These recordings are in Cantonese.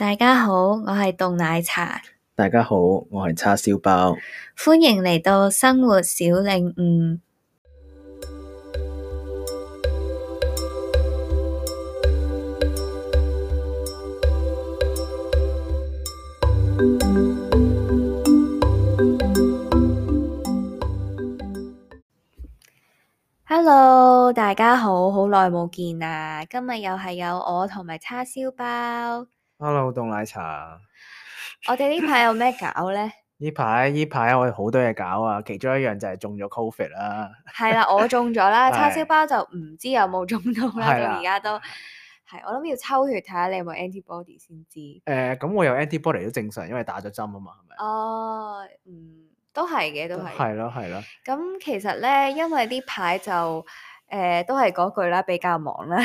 大家好，我係凍奶茶。大家好，我係叉燒包。歡迎嚟到生活小領悟。 Hello，大家好，好耐冇見啊！今日又係有我同埋叉燒包。Hello 凍奶茶， 我哋呢排有咩搞咧？呢排呢排我哋好多嘢搞啊，其中一樣就係中咗 COVID 啦、啊。係 啦，我中咗啦，叉燒包就唔知有冇中到啦、啊。 的到而家都係我諗要抽血睇下你有冇 antibody 先知。誒，咁我有 antibody 都正常，因為打咗針啊嘛，係咪？哦，嗯，都係嘅，都係。係咯， 係咯。咁其實咧，因為呢排就誒都係嗰句啦，比較忙啦，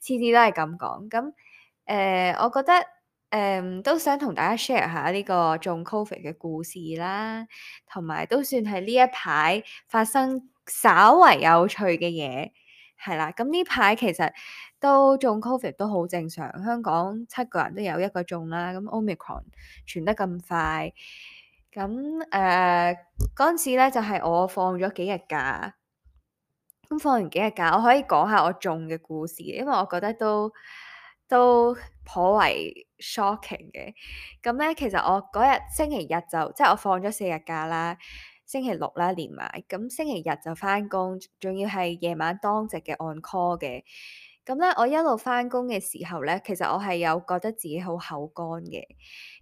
次次都係咁講咁。誒、呃，我覺得誒、呃、都想同大家 share 下呢個中 Covid 嘅故事啦，同埋都算係呢一排發生稍為有趣嘅嘢，係啦。咁呢排其實都中 Covid 都好正常，香港七個人都有一個中啦。咁 Omicron 傳得咁快，咁誒嗰陣時咧就係、是、我放咗幾日假，咁放完幾日假，我可以講下我中嘅故事，因為我覺得都。都頗為 shocking 嘅，咁咧，其實我嗰日星期日就即係我放咗四日假啦，星期六啦連埋，咁星期日就返工，仲要係夜晚當值嘅按 call 嘅。咁咧、嗯，我一路翻工嘅時候咧，其實我係有覺得自己好口乾嘅。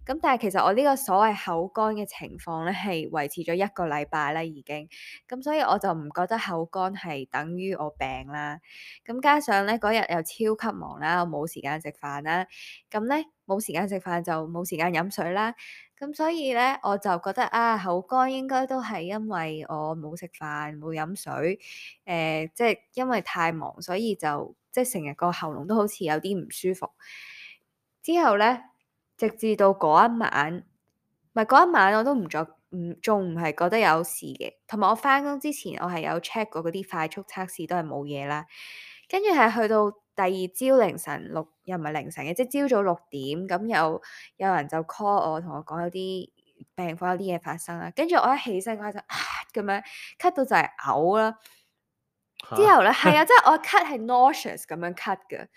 咁但係其實我呢個所謂口乾嘅情況咧，係維持咗一個禮拜啦，已經。咁、嗯、所以我就唔覺得口乾係等於我病啦。咁、嗯、加上咧嗰日又超級忙啦，我冇時間食飯啦。咁咧冇時間食飯就冇時間飲水啦。咁、嗯、所以咧我就覺得啊，口乾應該都係因為我冇食飯冇飲水。誒、呃，即係因為太忙，所以就。.即係成日個喉嚨都好似有啲唔舒服，之後咧直至到嗰一晚，唔係嗰一晚我都唔覺唔仲唔係覺得有事嘅，同埋我翻工之前我係有 check 過嗰啲快速測試都係冇嘢啦，跟住係去到第二朝凌晨六又唔係凌晨嘅，即係朝早六點咁有有人就 call 我同我講，有啲病房有啲嘢發生啦，跟住我一起身我就咁樣咳到就係嘔啦。之後咧，係啊， 即係我咳係 nauseous 咁樣咳嘅，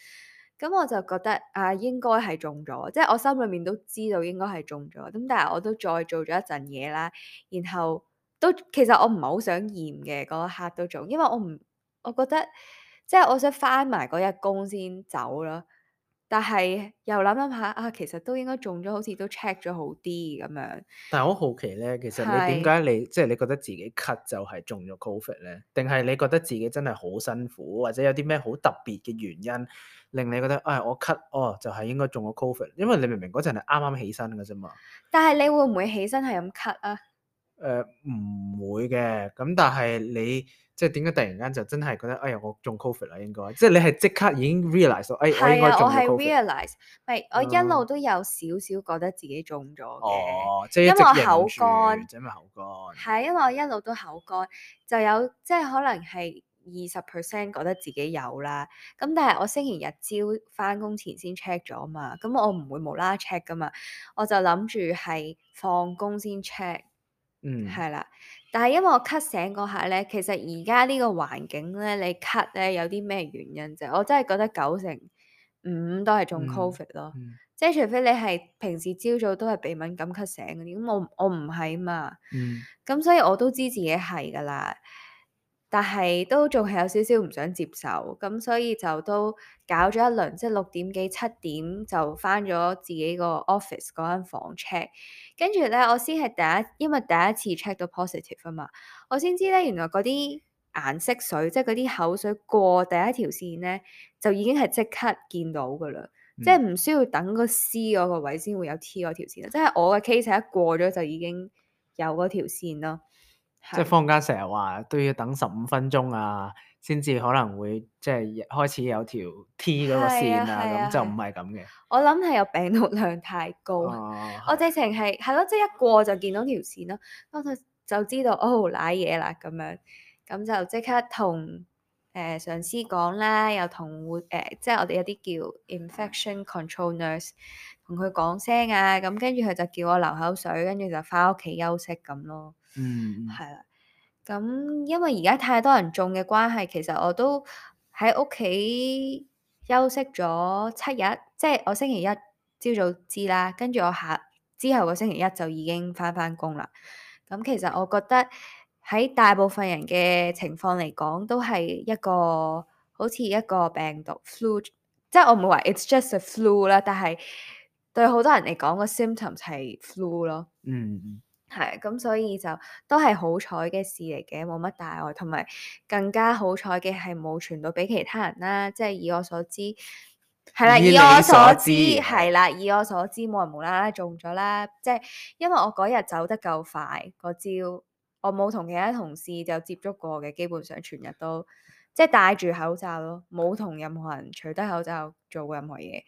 咁我就覺得啊，應該係中咗，即係我心裏面都知道應該係中咗，咁但係我都再做咗一陣嘢啦，然後都其實我唔係好想驗嘅嗰一刻都做，因為我唔，我覺得即係我想翻埋嗰日工先走啦。但係又諗諗下啊，其實都應該中咗，好似都 check 咗好啲咁樣。但係我好奇咧，其實你點解你即係是你覺得自己咳就係中咗 COVID 咧？定係你覺得自己真係好辛苦，或者有啲咩好特別嘅原因令你覺得啊、哎，我咳哦就係、是、應該中咗 COVID？因為你明明嗰陣係啱啱起身嘅啫嘛。但係你會唔會起身係咁咳啊？誒，唔會嘅，咁但係你。即係點解突然間就真係覺得，哎呀我中 Covid 啦，應該，即係你係即刻已經 realize 咗，我應該中 Covid，啊、我係 realize，唔係我一路都有少少覺得自己中咗，嗯、哦，即係因為我口乾，因為口乾。係，因為我一路都口乾，就有即係可能係二十 percent 覺得自己有啦。咁但係我星期日朝翻工，前先 check 咗嘛，咁我唔會無啦啦 check 噶嘛，我就諗住係放工先 check。嗯。係啦。但係因為我咳醒嗰下咧，其實而家呢個環境咧，你咳咧有啲咩原因啫？我真係覺得九成五都係中 COVID 咯、嗯，嗯、即係除非你係平時朝早都係鼻敏感咳醒嗰啲，咁我我唔係啊嘛，咁、嗯、所以我都知自己係㗎啦。但係都仲係有少少唔想接受，咁所以就都搞咗一輪，即係六點幾七點就返咗自己個 office 嗰間房 check。跟住咧，我先係第一，因為第一次 check 到 positive 啊嘛，我先知咧原來嗰啲顏色水，即係嗰啲口水過第一條線咧，就已經係即刻見到㗎喇，嗯、即係唔需要等個 C 嗰個位先會有 T 嗰條線，即係我嘅 case 一過咗就已經有嗰條線咯。即係坊間成日話都要等十五分鐘啊，先至可能會即係開始有條 T 嗰個線啊，咁、啊啊、就唔係咁嘅。我諗係有病毒量太高。啊啊、我直情係係咯，即係一過就見到條線啦，我就就知道哦，瀨嘢啦咁樣，咁就即刻同誒、呃、上司講啦，又同護、呃、即係我哋有啲叫 infection control nurse 同佢講聲啊，咁跟住佢就叫我流口水，跟住就返屋企休息咁咯。Mm hmm. 嗯，係啦，咁因為而家太多人中嘅關係，其實我都喺屋企休息咗七日，即係我星期一朝早知啦，跟住我下之後個星期一就已經翻翻工啦。咁、嗯、其實我覺得喺大部分人嘅情況嚟講，都係一個好似一個病毒 flu，即係我唔會話 it's just a flu 啦，但係對好多人嚟講個 symptoms 係 flu 咯。嗯、mm。Hmm. 係咁，所以就都係好彩嘅事嚟嘅，冇乜大礙，同埋更加好彩嘅係冇傳到俾其他人啦。即係以我所知，係啦，以我所知係啦，以我所知冇人無啦啦中咗啦。即係因為我嗰日走得夠快，個朝我冇同其他同事就接觸過嘅，基本上全日都即係戴住口罩咯，冇同任何人除低口罩做過任何嘢，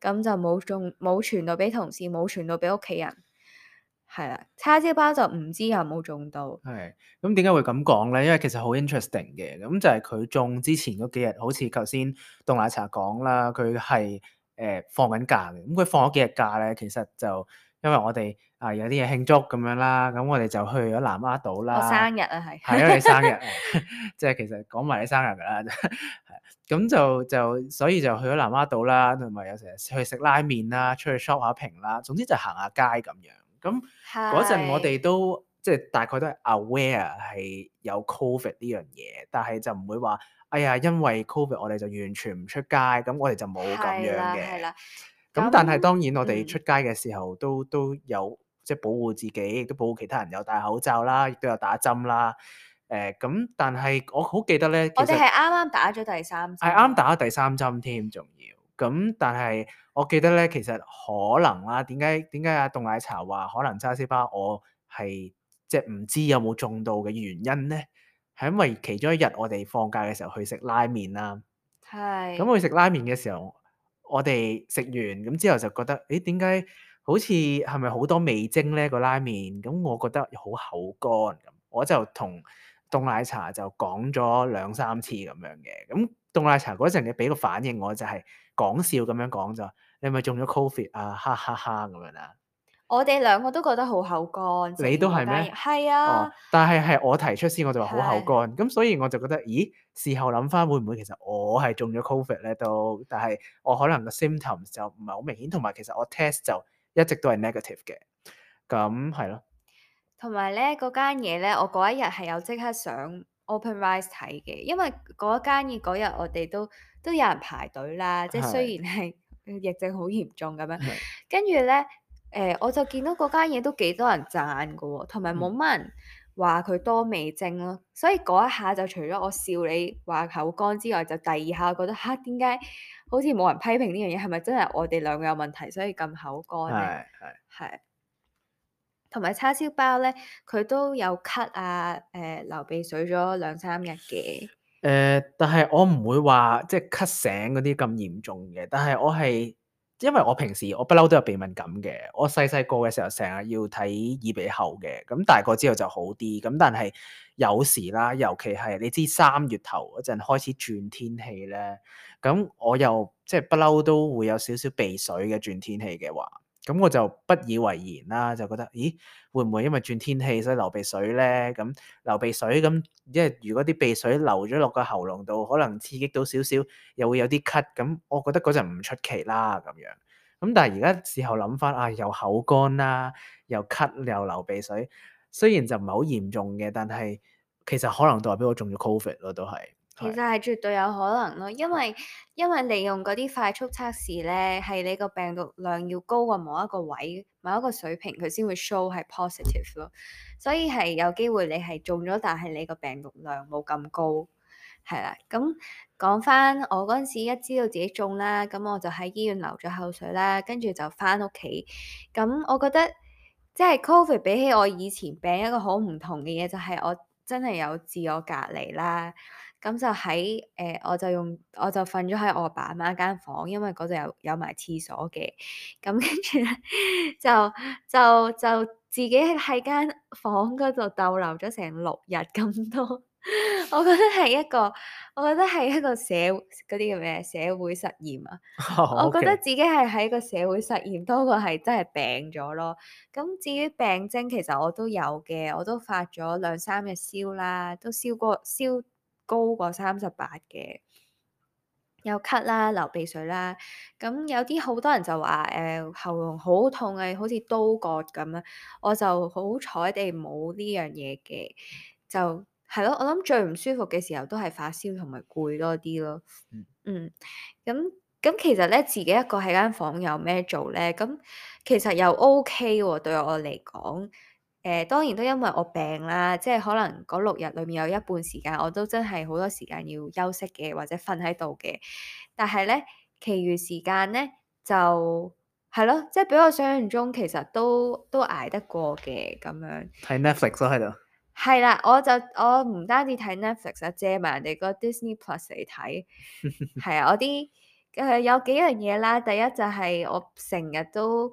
咁就冇中冇傳到俾同事，冇傳到俾屋企人。係啦，叉燒包就唔知有冇中到。係，咁點解會咁講咧？因為其實好 interesting 嘅，咁就係佢中之前嗰幾日，好似頭先凍奶茶講啦，佢係誒放緊假嘅。咁佢放咗幾日假咧，其實就因為我哋啊有啲嘢慶祝咁樣啦，咁我哋就去咗南丫島啦。我生日啊，係。係啊， 你生日，即係其實講埋你生日㗎啦。咁 就就所以就去咗南丫島啦，同埋有成日去食拉麵啦，出去 shop 下平啦，總之就行下街咁樣。咁嗰陣我哋都即係、就是、大概都係 aware 係有 COVID 呢樣嘢，但係就唔會話哎呀，因為 COVID 我哋就完全唔出街，咁我哋就冇咁樣嘅。咁但係當然我哋出街嘅時候都、嗯、都有即係保護自己，亦都保護其他人，有戴口罩啦，亦都有打針啦。誒、欸、咁，但係我好記得咧，其實我哋係啱啱打咗第三針，係啱打咗第三針添，仲要。咁、嗯、但係我記得咧，其實可能啦、啊，點解點解阿凍奶茶話可能叉燒包我係即係唔知有冇中到嘅原因咧？係因為其中一日我哋放假嘅時候去食拉麵啦，係咁是、嗯、去食拉麵嘅時候，我哋食完咁之後就覺得，誒點解好似係咪好多味精咧個拉麵？咁、嗯、我覺得好口乾，嗯、我就同凍奶茶就講咗兩三次咁樣嘅，咁、嗯。凍奶茶嗰陣，你俾個反應，我就係、是、講笑咁樣講就，你咪中咗 Covid 啊，哈哈哈咁樣啦。我哋兩個都覺得好口乾，你都係咩？係啊，哦、但係係我提出先，我就話好口乾，咁的所以我就覺得，咦？事後諗翻會唔會其實我係中咗 Covid 咧？都，但係我可能個 symptoms 就唔係好明顯，同埋其實我 test 就一直都係 negative 嘅，咁係咯。同埋咧，嗰間嘢咧，我嗰一日係有即刻想 Openrice 睇嘅，因為嗰間嘢嗰日我哋都都有人排隊啦，是即係雖然係疫症好嚴重咁樣，跟住咧，誒、呃、我就見到嗰間嘢都幾多人讚㗎喎，同埋冇乜人話佢多味精咯，嗯、所以嗰一下就除咗我笑你話口乾之外，就第二下覺得吓，點、啊、解好似冇人批評呢樣嘢，係咪真係我哋兩個有問題所以咁口乾咧？係係是。是同埋叉燒包咧，佢都有咳啊，誒、呃、流鼻水咗兩三日嘅。誒、呃，但係我唔會話即係咳醒嗰啲咁嚴重嘅。但係我係因為我平時我不嬲都有鼻敏感嘅。我細細個嘅時候成日要睇耳鼻喉嘅，咁大個之後就好啲。咁但係有時啦，尤其係你知三月頭嗰陣開始轉天氣咧，咁我又即係不嬲都會有少少鼻水嘅轉天氣嘅話。咁我就不以為然啦，就覺得咦會唔會因為轉天氣所以流鼻水咧？咁流鼻水咁，因為如果啲鼻水流咗落個喉嚨度，可能刺激到少少，又會有啲咳。咁我覺得嗰陣唔出奇啦，咁樣。咁但係而家事後諗翻啊，又口乾啦，又咳又流鼻水，雖然就唔係好嚴重嘅，但係其實可能代表我中咗 COVID 咯，都係。其實係絕對有可能咯，因為因為利用嗰啲快速測試咧，係你個病毒量要高過某一個位、某一個水平，佢先會 show 係 positive 咯。所以係有機會你係中咗，但係你個病毒量冇咁高，係啦。咁講翻我嗰陣時一知道自己中啦，咁我就喺醫院留咗口水啦，跟住就翻屋企。咁我覺得即係 COVID 比起我以前病一個好唔同嘅嘢，就係我真係有自我隔離啦。咁就喺誒、呃，我就用我就瞓咗喺我阿爸阿媽間房，因為嗰度有有埋廁所嘅。咁跟住咧，就就就自己喺間房嗰度逗留咗成六日咁多。我覺得係一個，我覺得係一個社嗰啲叫咩社會實驗啊！Oh, okay. 我覺得自己係喺個社會實驗多過係真係病咗咯。咁至於病徵，其實我都有嘅，我都發咗兩三日燒啦，都燒過燒，高過三十八嘅，有咳啦，流鼻水啦，咁有啲好多人就話誒、呃、喉嚨好痛啊，好似刀割咁啦，我就好彩地冇呢樣嘢嘅，就係咯，我諗最唔舒服嘅時候都係發燒同埋攰多啲咯，嗯，咁咁、嗯、其實咧自己一個喺間房有咩做咧？咁其實又 OK 喎、啊，對我嚟講。誒、呃、當然都因為我病啦，即係可能嗰六日裏面有一半時間我都真係好多時間要休息嘅，或者瞓喺度嘅。但係咧，其餘時間咧就係咯，即係比我想象中其實都都捱得過嘅咁樣。睇 Netflix 喺度。係啦， 我就我唔單止睇 Netflix 啊，借埋人哋個 Disney Plus 嚟睇。係啊，我啲誒、 呃、有幾樣嘢啦。第一就係我成日都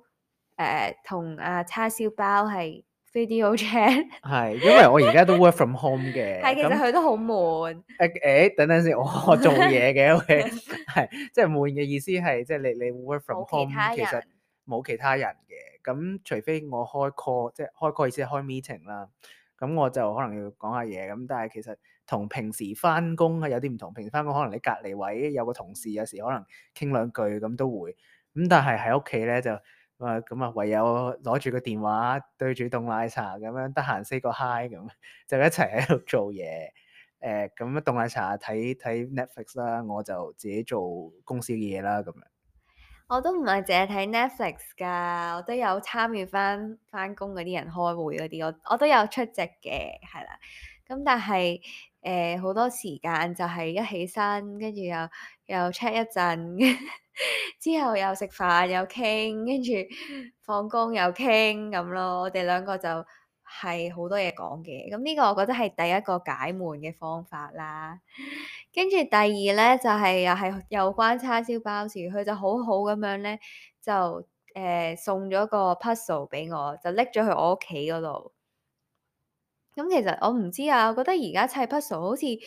誒同、呃、啊叉燒包係。Video chat 係，因為我而家都 work from home 嘅。係， 其實佢都好悶。誒誒、欸欸，等等先，我做嘢嘅，OK，係，即係悶嘅意思係，即係你你 work from home 其實冇其他人嘅。咁除非我開 call，即係開 call 意思係開 meeting 啦。咁我就可能要講下嘢。咁但係其實同平時翻工有啲唔同。平時翻工可能你隔離位有個同事，有時可能傾兩句咁都會。咁但係喺屋企咧就。咁啊、嗯，唯有攞住個電話對住凍奶茶咁樣，得閒 say 個 hi 咁，就一齊喺度做嘢。誒、呃，咁凍奶茶睇睇 Netflix 啦，我就自己做公司嘅嘢啦，咁樣。我都唔係淨係睇 Netflix 㗎，我都有參與返返工嗰啲人開會嗰啲，我我都有出席嘅，係啦。咁、嗯、但係誒好多時間就係一起身，跟住又。又 check 一陣， 之後又食飯又傾，跟住放工又傾咁咯。我哋兩個就係好多嘢講嘅。咁呢個我覺得係第一個解悶嘅方法啦。跟住第二呢，就係、是、又係有關叉燒包事，佢就好好咁樣呢，就誒、呃、送咗個 puzzle 俾我，就拎咗去我屋企嗰度。咁其實我唔知啊，我覺得而家砌 puzzle 好似～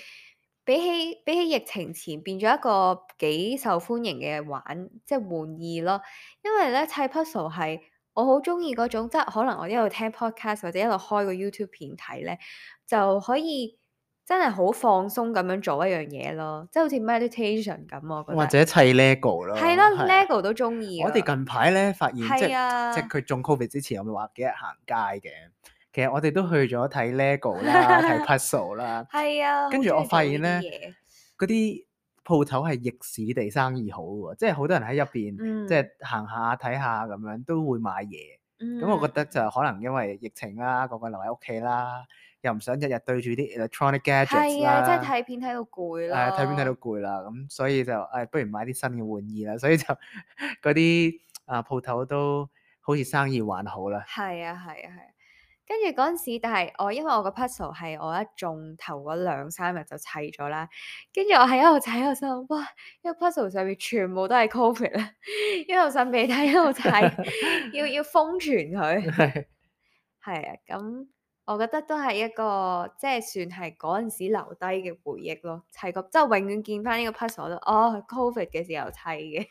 比起比起疫情前變咗一個幾受歡迎嘅玩即係玩意咯。因為咧砌 puzzle 係我好中意嗰種，即係可能我一路聽 Podcast 或者一路開個 YouTube 片睇咧，就可以真係好放鬆咁樣做一樣嘢咯，即係好似 meditation 咁。我覺得，或者砌 Lego 咯，係咯 Lego 都中意。我哋近排咧發現即係的即係佢中 COVID 之前，我咪話幾日行街嘅。其實我哋都去咗睇 LEGO 啦，睇 Puzzle 啦，係 啊，跟住我發現咧，嗰啲鋪頭係逆市地生意好嘅，即係好多人喺入邊，嗯、即係行下睇下咁樣都會買嘢。咁、嗯、我覺得就可能因為疫情啦，個個留喺屋企啦，又唔想日日對住啲 electronic gadget，係啊，即係睇片睇到攰啦，啊、睇片睇到攰啦，咁所以就誒、哎，不如買啲新嘅玩意啦。所以就嗰啲啊鋪頭都好似生意還好啦。係 啊，係啊，係、啊。跟住嗰陣時，但係我因為我個 puzzle 係我一中頭嗰兩三日就砌咗啦。跟住我喺一路砌，我心諗哇，呢個 puzzle 上面全部都係 covid 啦。一路想睇，一路睇，要要封存佢。係啊， 咁我覺得都係一個即係算係嗰陣時留低嘅回憶咯。砌個即係永遠見翻呢個 puzzle 都哦 covid 嘅時候砌嘅。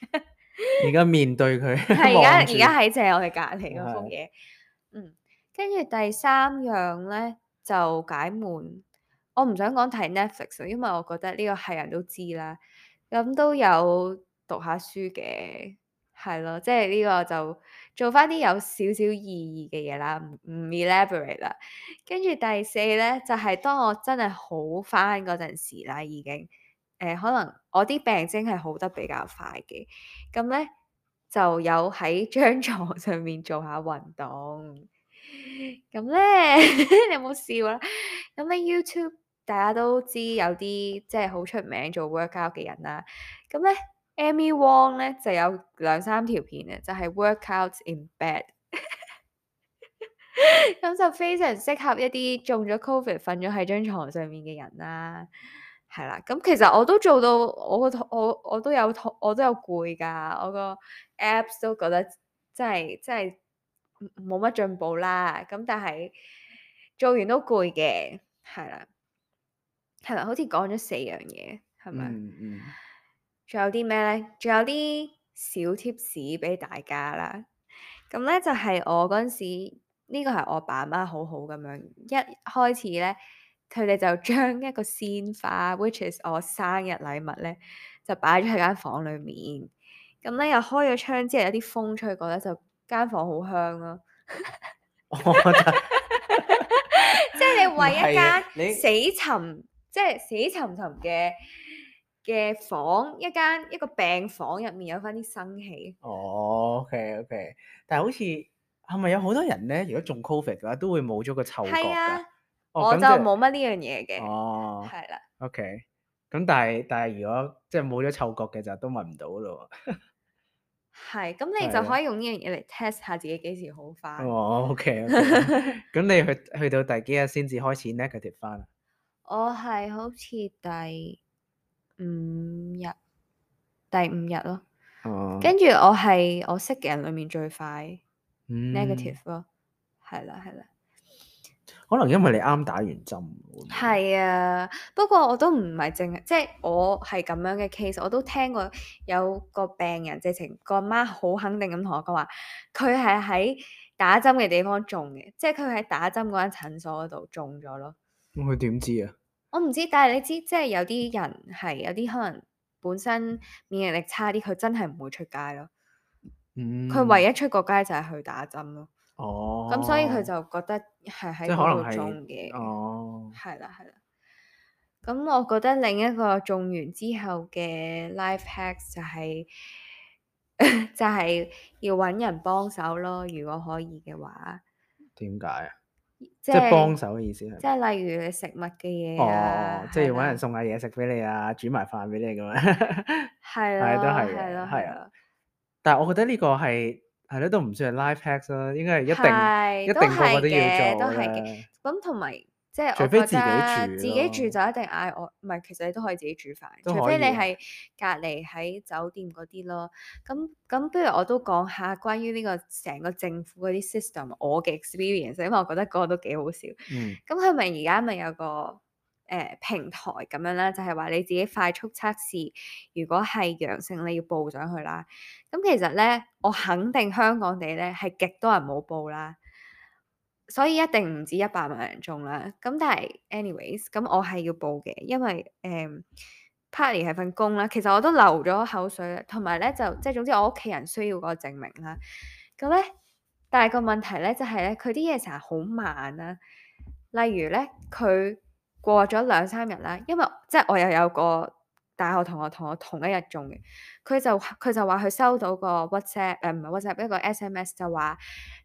而 家面對佢係而家而家喺借我哋隔籬嗰幅嘢，嗯是。 跟住第三樣咧就解悶，我唔想講睇 Netflix，因為我覺得呢個係人都知啦，咁都有讀下書嘅，係咯，即係呢個就做翻啲有少少意義嘅嘢啦，唔 elaborate 啦。跟住第四咧就係、是、當我真係好翻嗰陣時啦，已經誒、呃、可能我啲病徵係好得比較快嘅，咁咧就有喺張床上面做下運動。咁咧，那呢 你有冇笑啦、啊。咁咧，YouTube 大家都知有啲即係好出名做 workout 嘅人啦。咁咧，Amy Wong 咧就有兩三條片啊，就係、是、workout in bed。咁 就非常適合一啲中咗 COVID 瞓咗喺張床上面嘅人啦。係啦，咁其實我都做到，我個我我都有我都有攰㗎，我個 apps 都覺得真係真係。冇乜進步啦，咁但係做完都攰嘅，係啦，係啦，好似講咗四樣嘢，係咪？嗯嗯。仲有啲咩呢？仲有啲小貼士俾大家啦。咁呢就係、是、我嗰陣時，呢、呢個係我爸媽好好咁樣，一開始呢，佢哋就將一個鮮花，which is 我生日禮物呢，就擺咗喺間房裏面。咁呢又開咗窗之後，有啲風吹過呢，就～間房好香咯、啊，我覺得， 即係你為一間死沉，即係死沉沉嘅嘅房，一間一個病房入面有返啲生氣。哦、oh,，OK OK，但係好似係咪有好多人咧？如果中 Covid 嘅話，19, 都會冇咗個嗅覺噶，啊哦、我就冇乜呢樣嘢嘅。哦、oh, 啊，係啦，OK。咁但係但係如果即係冇咗嗅覺嘅就都聞唔到咯。 係，咁你就可以用呢樣嘢嚟 test 下自己幾時好翻。哦、oh,，OK，咁、okay. 你去去到第幾日先至開始 negative 翻啊？我係好似第五日，第五日咯。跟住、oh. 我係我識嘅人裏面最快、mm. negative 咯，係啦係啦。可能因為你啱打完針，係啊！不過我都唔係淨係，即係我係咁樣嘅 case。我都聽過有個病人，直情個媽好肯定咁同我講話，佢係喺打針嘅地方中嘅，即係佢喺打針嗰間診所嗰度中咗咯。咁佢點知啊？我唔知，但係你知，即係有啲人係有啲可能本身免疫力差啲，佢真係唔會出街咯。嗯。佢唯一出過街就係去打針咯。 哦，咁、嗯、所以佢就覺得係喺嗰度種嘅，哦，係啦係啦。咁、嗯、我覺得另一個種完之後嘅 life hack 就係、係、 就係要揾人幫手咯，如果可以嘅話。點解啊？即係幫手嘅意思係？即係例如你食物嘅嘢啊，即係要揾人送下嘢食俾你啊，煮埋飯俾你咁樣。係 咯，係咯，係咯。但係我覺得呢個係。係咯，都唔算係 life hacks 啦，應該係一定一定做嗰啲嘢做嘅，咁同埋即係，除非自己住，自己住就一定嗌我。唔係，其實你都可以自己煮飯，啊、除非你係隔離喺酒店嗰啲咯。咁咁不如我都講下關於呢個成個政府嗰啲 system，我嘅 experience，因為我覺得嗰個都幾好笑。嗯。咁佢咪而家咪有個？誒平台咁樣啦，就係話你自己快速測試，如果係陽性，你要報上去啦。咁其實咧，我肯定香港地咧係極多人冇報啦，所以一定唔止一百萬人中啦。咁但係，anyways，咁我係要報嘅，因為誒 party 係份工啦。其實我都流咗口水啦，同埋咧就即係總之我屋企人需要個證明啦。咁咧，但係個問題咧就係咧，佢啲嘢成日好慢啦。例如咧，佢。過咗兩三日啦，因為即係我又有個大學同學同我同一日中嘅，佢就佢就話佢收到個 WhatsApp 誒、呃，唔係 WhatsApp 一個 SMS 就話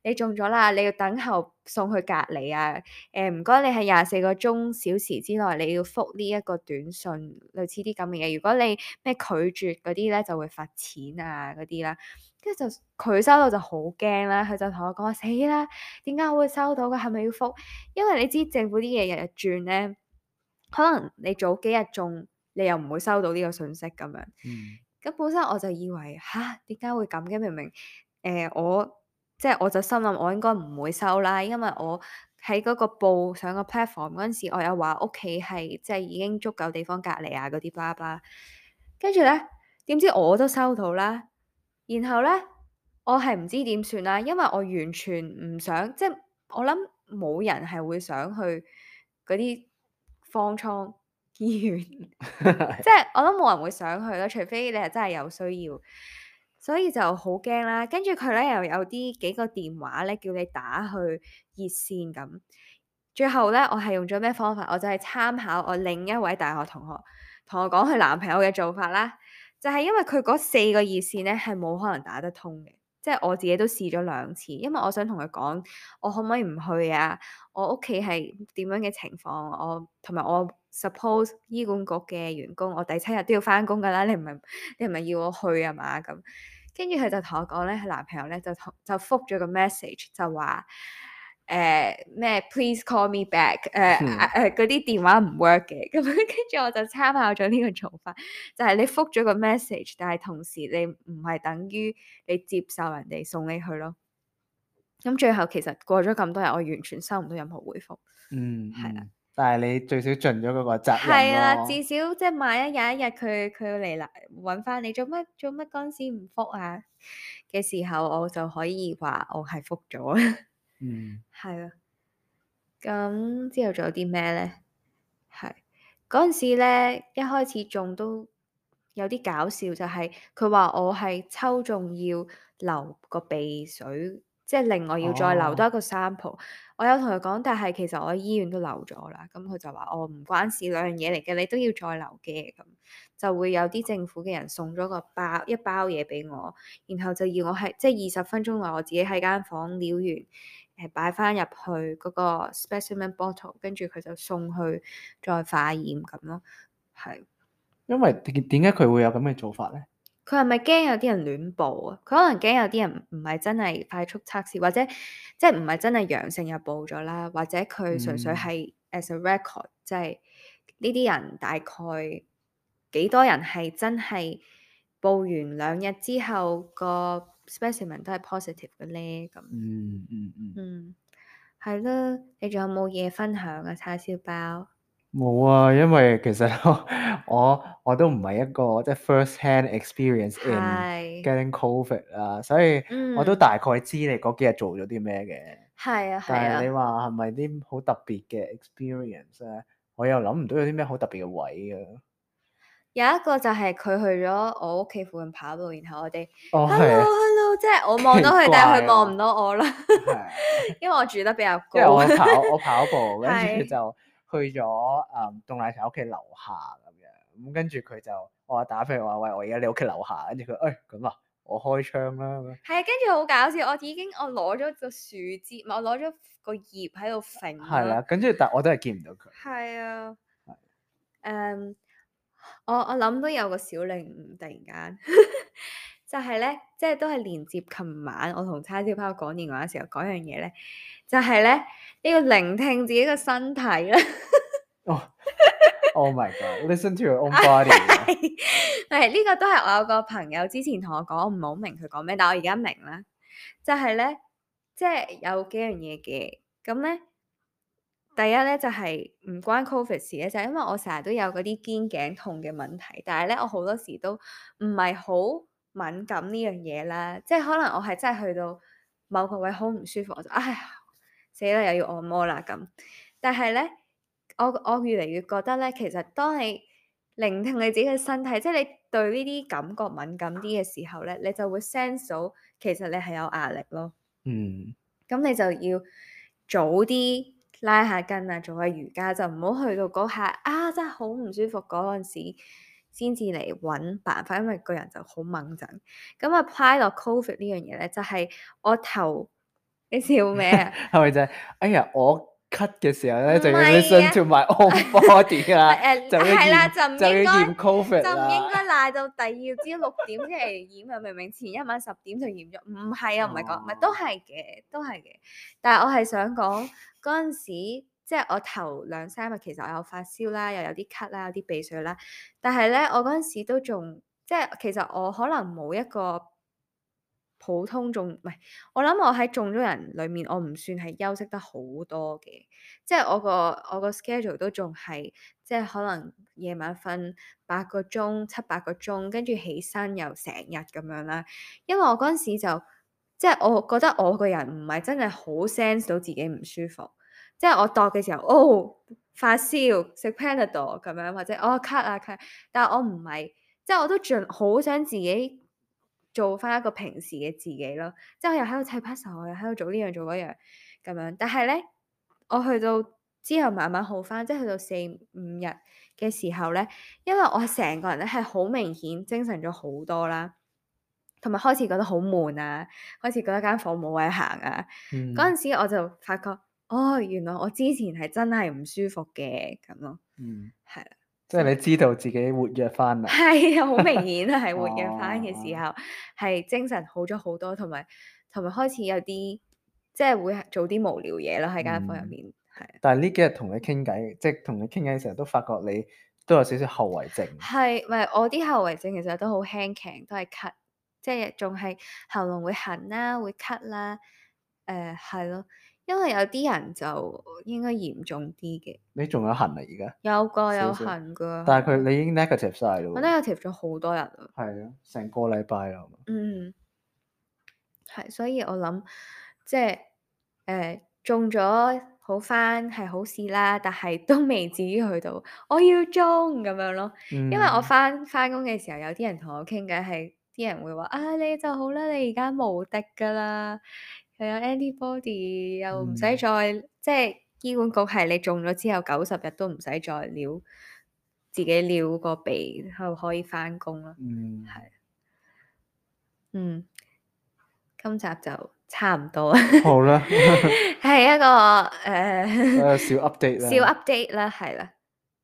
你中咗啦，你要等候送去隔離啊，誒唔該你喺廿四個鐘小時之內你要覆呢一個短信，類似啲咁嘅嘢。如果你咩拒絕嗰啲咧，就會罰錢啊嗰啲啦。跟住就佢收到就好驚啦，佢就同我講話死啦，點解我會收到嘅？係咪要覆？因為你知政府啲嘢日日轉咧。可能你早幾日中，你又唔會收到呢個信息，咁樣。咁、嗯、本身我就以為吓，點解會咁嘅？明明誒、呃，我即係、就是、我就心諗，我應該唔會收啦，因為我喺嗰個報上個 platform 嗰陣時，我有話屋企係即係已經足夠地方隔離啊，嗰啲啦啦。跟住咧，點知我都收到啦。然後咧，我係唔知點算啦，因為我完全唔想，即、就、係、是、我諗冇人係會想去嗰啲。方艙醫院，即 係、就是、我諗冇人會想去啦，除非你係真係有需要，所以就好驚啦。跟住佢咧又有啲幾個電話咧叫你打去熱線咁，最後咧我係用咗咩方法？我就係參考我另一位大學同學同我講佢男朋友嘅做法啦，就係、是、因為佢嗰四個熱線咧係冇可能打得通嘅。即係我自己都試咗兩次，因為我想同佢講，我可唔可以唔去啊？我屋企係點樣嘅情況？我同埋我 suppose 醫管局嘅員工，我第七日都要翻工㗎啦。你唔係你唔係要我去呀嘛？咁跟住佢就同我講咧，佢男朋友咧就同就覆咗個 message 就話。誒咩、呃、Please call me back、呃。誒、呃、誒，嗰、呃、啲、呃、電話唔 work 嘅，咁跟住我就參考咗呢個做法，就係、是、你覆咗個 message，但係同時你唔係等於你接受人哋送你去咯。咁最後其實過咗咁多日，我完全收唔到任何回覆。嗯，係啦。但係你最少盡咗嗰個責任咯。係啦、嗯啊，至少即係萬一有一日佢佢要嚟啦，搵翻你做乜做乜，嗰陣時唔覆啊嘅時候，我就可以話我係覆咗。嗯，係啊。咁之後仲有啲咩咧？係嗰陣時咧，一開始仲都有啲搞笑，就係佢話我係抽中要留個鼻水，即係另外要再留多一個 sample。哦、我有同佢講，但係其實我喺醫院都留咗啦，咁佢就話我唔關事，兩樣嘢嚟嘅，你都要再留嘅咁，就會有啲政府嘅人送咗個包一包嘢俾我，然後就要我係即係二十分鐘內我自己喺間房撩完。誒擺翻入去嗰個 specimen bottle，跟住佢就送去再化驗咁咯。係，因為點解佢會有咁嘅做法咧？佢係咪驚有啲人亂報啊？佢可能驚有啲人唔係真係快速測試，或者即係唔係真係陽性又報咗啦，或者佢純粹係 as a record，即係呢啲人大概幾多人係真係報完兩日之後，個？Specimen 都係 positive 嘅咧，咁嗯嗯嗯，嗯係咯、嗯，你仲有冇嘢分享啊？叉燒包冇啊，因為其實我我，我都唔係一個即係、就是、first hand experience in getting COVID 啊的，所以我都大概知你嗰幾日做咗啲咩嘅。係啊，但係你話係咪啲好特別嘅 experience 咧？我又諗唔到有啲咩好特別嘅位啊。有一個就係佢去咗我屋企附近跑步，然後我哋哦係。即係我望到佢，啊、但係佢望唔到我啦。 因為我住得比較高。 我跑， 我跑步，跟住，就去咗誒凍奶茶屋企樓下咁樣。咁跟住佢就，我打俾佢話喂，我而家你屋企樓下。跟住佢誒咁啊，我開窗啦。係啊，跟住好搞笑。我已經我攞咗個樹枝，唔、嗯、係我攞咗個葉喺度揈。係啦、啊，跟住但我都係見唔到佢。係啊，誒、啊 um,，我我諗都有個小令，突然間。 但係咧，即係都係連接琴晚我同叉燒包講電話嘅時候講樣嘢咧，就係咧你要聆聽自己嘅身體啦。 oh. oh my god，listen to your own body，哎。係、哎、呢、這個都係我有個朋友之前同我講，唔係好明佢講咩，但我而家明啦。就係、是、咧，即係有幾樣嘢嘅，咁咧第一咧就係唔關 COVID 事咧，就是就是、因為我成日都有嗰啲肩頸痛嘅問題，但係咧我好多時都唔係好。敏感呢樣嘢啦，即係可能我係真係去到某個位好唔舒服，我就唉死啦，又要按摩啦咁。但係咧，我我越嚟越覺得咧，其實當你聆聽你自己嘅身體，即係你對呢啲感覺敏感啲嘅時候咧，你就會 sense 到其實你係有壓力咯。嗯。咁你就要早啲拉下筋啊，做下瑜伽，就唔好去到嗰下啊，真係好唔舒服嗰陣時，先至嚟揾辦法，因為個人就好掹震。咁啊，Covid 呢樣嘢咧，就係、是、我頭，你笑咩啊？係咪就係？哎呀，我咳嘅時候咧，就要 listen to my own body 啦，就去驗就去驗 COVID 啦。就唔應該賴到第二朝六點先嚟驗，又明明前一晚十點就驗咗，唔係啊，唔係講，唔係、oh。都係嘅，都係嘅。但係我係想講，嗰陣時。即係我頭兩三日，其實我有發燒啦，又有啲咳啦，有啲鼻水啦。但係咧，我嗰陣時都仲即係，其實我可能冇一個普通中，唔係我諗我喺中咗人裏面，我唔算係休息得好多嘅。即係我個我個 schedule 都仲係即係可能夜晚瞓八個鐘、七八個鐘，跟住起身又成日咁樣啦。因為我嗰陣時就即係我覺得我個人唔係真係好 sense 到自己唔舒服。即係我度嘅時候，哦發燒，食 panadol 咁樣，或者哦 cut 啊 cut，但係我唔係，即係我都盡好想自己做翻一個平時嘅自己咯。即係我又喺度砌 part time 我又喺度做呢樣做嗰樣咁樣。但係咧，我去到之後慢慢好翻，即係去到四五日嘅時候咧，因為我成個人咧係好明顯精神咗好多啦，同埋開始覺得好悶啊，開始覺得間房冇位行啊。嗰陣、嗯、時我就發覺。哦，原來我之前係真係唔舒服嘅咁咯，嗯，係啦的，即係你知道自己活躍翻啦，係啊， 好明顯係活躍翻嘅時候，係、哦、精神好咗好多，同埋同埋開始有啲即係會做啲無聊嘢啦喺間房入面，係、嗯。的但係呢幾日同你傾偈，即係同你傾偈嘅時候都發覺你都有少少後遺症，係， 唔係我啲後遺症其實都好輕頸，都係咳，即係仲係喉嚨會痕啦，會咳啦，誒、呃，係咯。因為有啲人就應該嚴重啲嘅。你仲有痕啊？而家有個有痕噶。但係佢、嗯、你已經 negative 晒咯。我 negative 咗好多日啦。係咯、啊，成個禮拜啦。嗯，係，所以我諗即係誒中咗好翻係好事啦，但係都未至於去到我要中咁樣咯。嗯、因為我翻翻工嘅時候，有啲人同我傾偈，係，啲人會話啊你就好啦，你而家無敵噶啦。係啊 Yeah，anybody、嗯、又唔使再即係、就是，醫管局係你中咗之後九十日都唔使再撩自己撩個鼻，後可以返工啦。嗯，係，嗯，今集就差唔多啦。好啦，係一個誒，uh, uh, 小 update 啦，小 update 啦，係啦，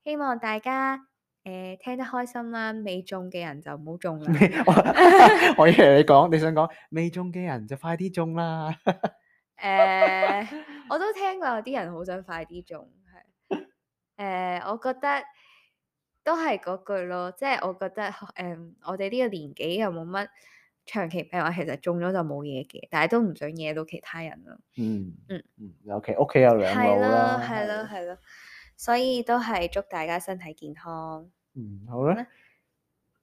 希望大家。誒，聽得開心啦，未中嘅人就唔好中啦。 我以為你講，你想講未中嘅人就快啲中啦。誒、 呃，我都聽過有啲人好想快啲中，係誒、呃，我覺得都係嗰句咯，即係我覺得誒、呃，我哋呢個年紀又冇乜長期病，我其實中咗就冇嘢嘅，但係都唔想惹到其他人咯。嗯嗯，尤其屋企有兩老啦，係咯係咯。所以都係祝大家身體健康。嗯，好啦，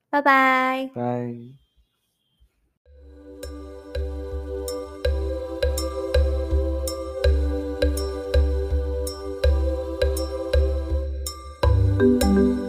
拜拜。拜。